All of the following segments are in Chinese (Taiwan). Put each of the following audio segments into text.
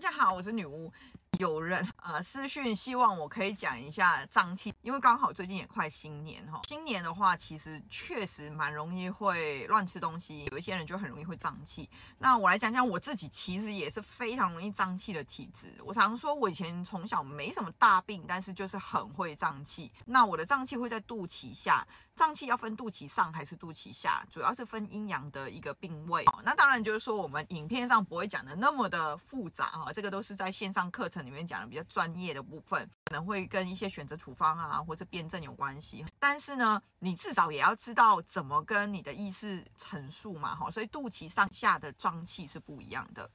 大家好，我是女巫。有人呃私訊，希望我可以講一下脹氣，因為剛好最近也快新年哈。新年的話，其實確實蠻容易會亂吃東西，有一些人就很容易會脹氣。那我來講講我自己，其實也是非常容易脹氣的體質。我常說，我以前從小沒什麼大病，但是就是很會脹氣。那我的脹氣會在肚臍下，脹氣要分肚臍上還是肚臍下，主要是分陰陽的一個病位。那當然就是說，我們影片上不會講的那麼的複雜哈，這個都是在線上課程，裡面講的比較專業的部分，可能會跟一些選擇處方啊，或者辨證有關係。但是呢，你至少也要知道怎麼跟你的醫師陳述嘛，哈。所以肚臍上下的臟器是不一樣的。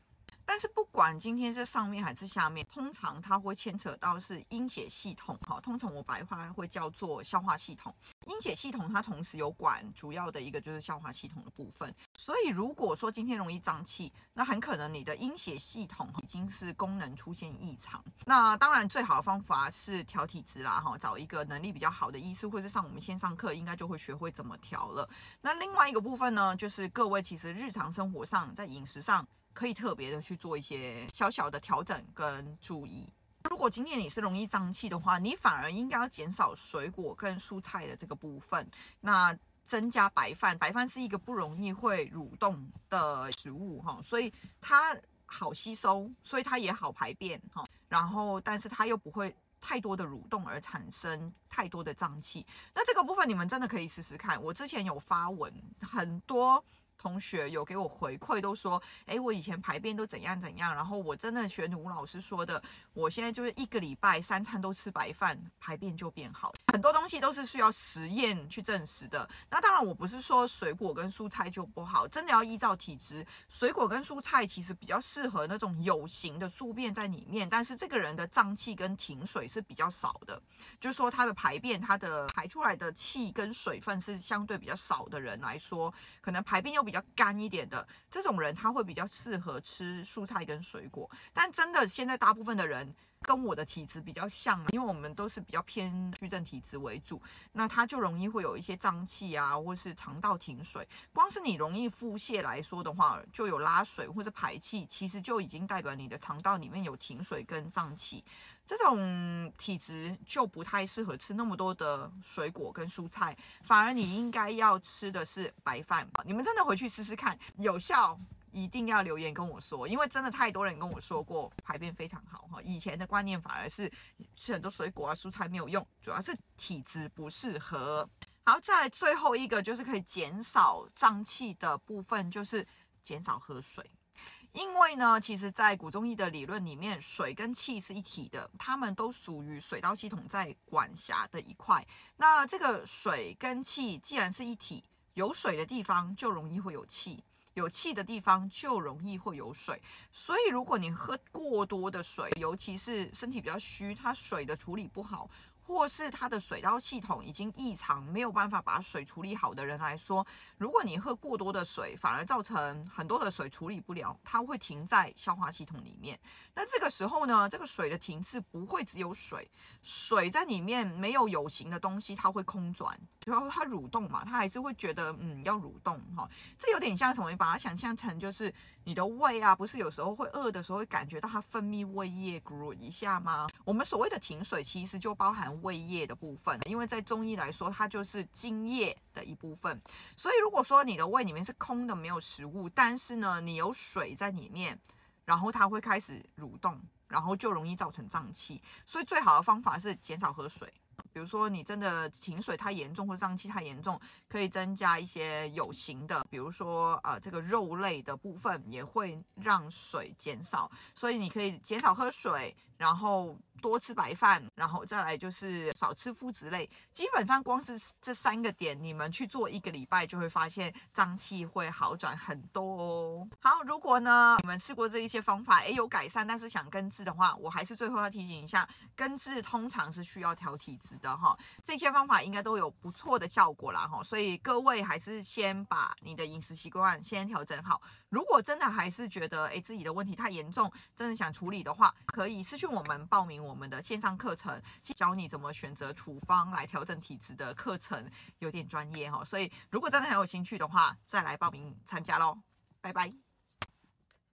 但是不管今天是上面還是下面，通常它會牽扯到是陰血系統哈。通常我白話會叫做消化系統。陰血系統它同時有管主要的一個就是消化系統的部分。所以如果說今天容易脹氣，那很可能你的陰血系統已經是功能出現異常。那當然最好的方法是調體質啦哈，找一個能力比較好的醫師，或者是上我們線上課，應該就會學會怎麼調了。那另外一個部分呢，就是各位其實日常生活上，在飲食上。可以特別的去做一些小小的調整跟注意。如果今天你是容易脹氣的話，你反而應該要減少水果跟蔬菜的這個部分，那增加白飯。白飯是一個不容易會蠕動的食物哈，所以它好吸收，所以它也好排便哈。然後，但是它又不會太多的蠕動而產生太多的脹氣。那這個部分你們真的可以試試看。我之前有發文很多。同學有給我回饋，都說，誒、欸，我以前排便都怎樣怎樣，然後我真的學吳老師說的，我現在就是一個禮拜三餐都吃白飯，排便就變好。很多東西都是需要實驗去證實的。那當然，我不是說水果跟蔬菜就不好，真的要依照體質。水果跟蔬菜其實比較適合那種有形的宿便在裡面，但是這個人的脹氣跟停水是比較少的，就是說他的排便，他的排出來的氣跟水分是相對比較少的人來說，可能排便又。比較乾一點的這種人，他會比較適合吃蔬菜跟水果。但真的，現在大部分的人跟我的體質比較像，因為我們都是比較偏虛症體質為主，那他就容易會有一些脹氣啊，或是腸道停水。光是你容易腹瀉來說的話，就有拉水或是排氣，其實就已經代表你的腸道裡面有停水跟脹氣。這種體質就不太適合吃那麼多的水果跟蔬菜，反而你應該要吃的是白飯吧？你們真的會。回去試試看，有效一定要留言跟我說，因為真的太多人跟我說過排便非常好哈。以前的觀念反而是吃很多水果啊蔬菜，沒有用，主要是體質不適合。好，再來最後一個就是可以減少脹氣的部分，就是減少喝水，因為呢，其實在古中醫的理論裡面，水跟氣是一體的，它們都屬於水道系統在管轄的一塊。那這個水跟氣既然是一體。有水的地方就容易會有氣，有氣的地方就容易會有水。所以，如果你喝過多的水，尤其是身體比較虛，它水的處理不好，或是它的水道系統已經異常沒有辦法把水處理好的人來說，如果你喝過多的水，反而造成很多的水處理不了，它會停在消化系統裡面。那這個時候呢，這個水的停滯不會只有水，水在裡面沒有有形的東西，它會空轉，然後它蠕動嘛，它還是會覺得嗯要蠕動哈。這有點像什麼？你把它想象成就是你的胃啊，不是有時候會餓的時候會感覺到它分泌胃液咕嚕一下嗎？我們所謂的停水其實就包含。胃液的部分，因為在中醫來說，它就是津液的一部分。所以，如果說你的胃裡面是空的，沒有食物，但是呢，你有水在裡面，然後它會開始蠕動，然後就容易造成脹氣。所以，最好的方法是減少喝水。比如說你真的停水太嚴重或者脹氣太嚴重，可以增加一些有形的，比如說呃這個肉類的部分也會讓水減少，所以你可以減少喝水，然後多吃白飯，然後再來就是少吃麩質類。基本上光是這三個點，你們去做一個禮拜就會發現脹氣會好轉很多哦。好，如果呢你們試過這一些方法，哎有改善，但是想根治的話，我還是最後要提醒一下，根治通常是需要調體質。的哈，這些方法應該都有不錯的效果啦哈，所以各位還是先把你的飲食習慣先調整好。如果真的還是覺得誒自己的問題太嚴重，真的想處理的話，可以私訊我們報名我們的線上課程，去教你怎麼選擇處方來調整體質的課程，有點專業哈、哦，所以如果真的很有興趣的話，再來報名參加嘍，拜拜。